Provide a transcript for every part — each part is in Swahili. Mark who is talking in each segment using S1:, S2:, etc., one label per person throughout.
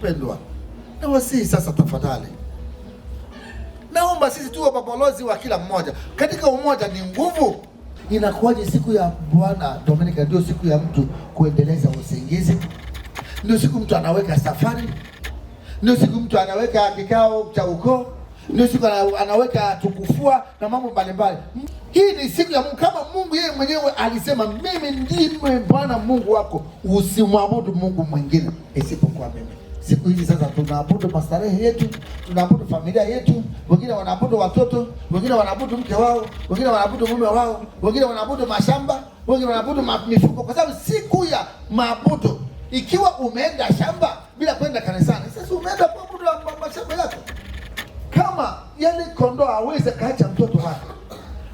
S1: Wapendwa, na sasa, tafadhali, naomba sisi tuwe mabalozi wa kila mmoja katika umoja. Ni nguvu. Inakuwaje siku ya Bwana Dominika ndio siku ya mtu kuendeleza usingizi, ndio siku mtu anaweka safari, ndio siku mtu anaweka kikao cha ukoo, ndio siku anaweka tukufua na mambo mbalimbali. Hii ni siku ya Mungu, kama Mungu yeye mwenyewe alisema, mimi ndimwe Bwana Mungu wako, usimwabudu Mungu mwingine isipokuwa mimi. Siku hizi sasa tunaabudu mastarehe yetu, tunaabudu familia yetu, wengine wanaabudu watoto, wengine wanaabudu mke wao, wengine wanaabudu mume wao, wengine wanaabudu mashamba, wengine wanaabudu mifugo, kwa sababu siku ya maabudu. Ikiwa umeenda shamba bila kwenda kanisani, sasa umeenda kuabudu mashamba yako. Kama yale kondoo aweze kaacha mtoto wake,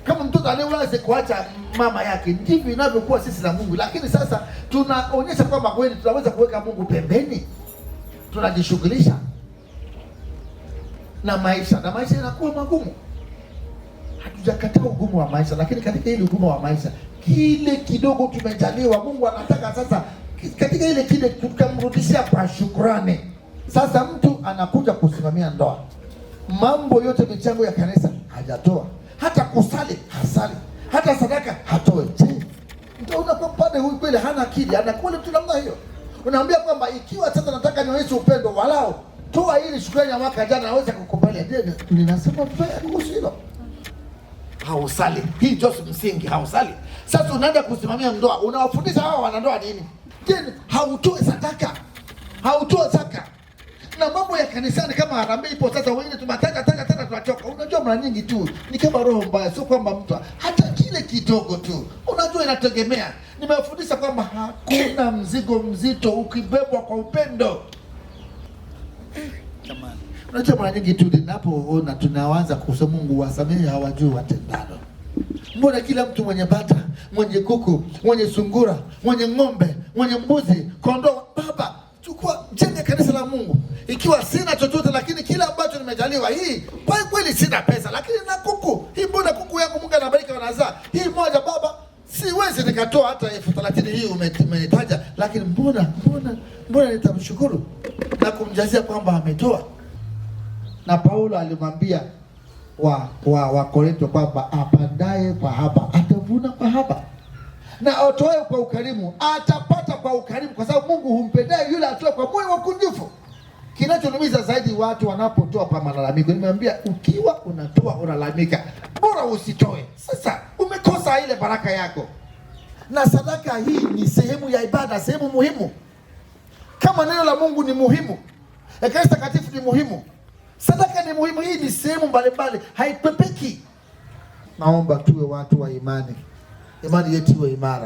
S1: kama mtoto aliweze kuacha mama yake, ndivyo inavyokuwa sisi na Mungu. Lakini sasa tunaonyesha kwamba kweli tunaweza kuweka Mungu pembeni tunajishughulisha na maisha na maisha yanakuwa magumu. Hatujakataa ugumu wa maisha, lakini katika ile ugumu wa maisha, kile kidogo tumejaliwa, Mungu anataka sasa katika ile kile tukamrudishia kwa shukrani. Sasa mtu anakuja kusimamia ndoa, mambo yote, michango ya kanisa hajatoa, hata kusali hasali, hata sadaka hatoe. Je, ndio unakuwa pale, huyu kweli hana akili, anakuwa namna hiyo? unaambia kwamba ikiwa sasa nataka nionyeshe upendo, walao toa hili shukrani ya mwaka jana, naweza kukubalia. Ninasema kuhusu hilo hausali, hii Jose msingi hausali. Sasa unaenda kusimamia ndoa, unawafundisha hawa wanandoa nini? Je, hautoe sadaka, hautoe zaka na mambo ya kanisani kama harambee ipo sasa, wengine tumataka taka taka, tunachoka. Unajua mara nyingi tu ni kama roho mbaya, sio kwamba mtu hata kile kidogo tu, unajua inategemea nimefundisha kwamba hakuna mzigo mzito ukibebwa kwa upendo. Unajua, mara nyingi tu ninapoona tunawaza kuhusu Mungu wasamehe, hawajui watendalo. Mbona kila mtu mwenye bata, mwenye kuku, mwenye sungura, mwenye ng'ombe, mwenye mbuzi, kondoo, baba, chukua jenge kanisa la Mungu. Ikiwa sina chochote, lakini kila ambacho nimejaliwa, hii kwa kweli sina pesa, lakini na kuku hii, mbona kuku yangu Mungu anabariki nikatoa hata elfu thelathini hii umenitaja, lakini mbona mbona mbona nitamshukuru na kumjazia kwamba ametoa. Na Paulo alimwambia wa wa kwamba apandaye kwa haba atavuna kwa haba, na atoe kwa ukarimu atapata kwa ukarimu, kwa sababu Mungu humpendea yule atoe kwa moyo kunjufu. Kinachonumiza zaidi watu wanapotoa kwa malalamiko. Nimeambia ukiwa unatoa unalalamika, bora usitoe. Sasa umekosa ile baraka yako na sadaka hii ni sehemu ya ibada, sehemu muhimu. Kama neno la Mungu ni muhimu, Ekaristi Takatifu ni muhimu, sadaka ni muhimu, hii ni sehemu mbalimbali, haipepeki.
S2: Naomba tuwe watu wa imani, imani yetu iwe imara.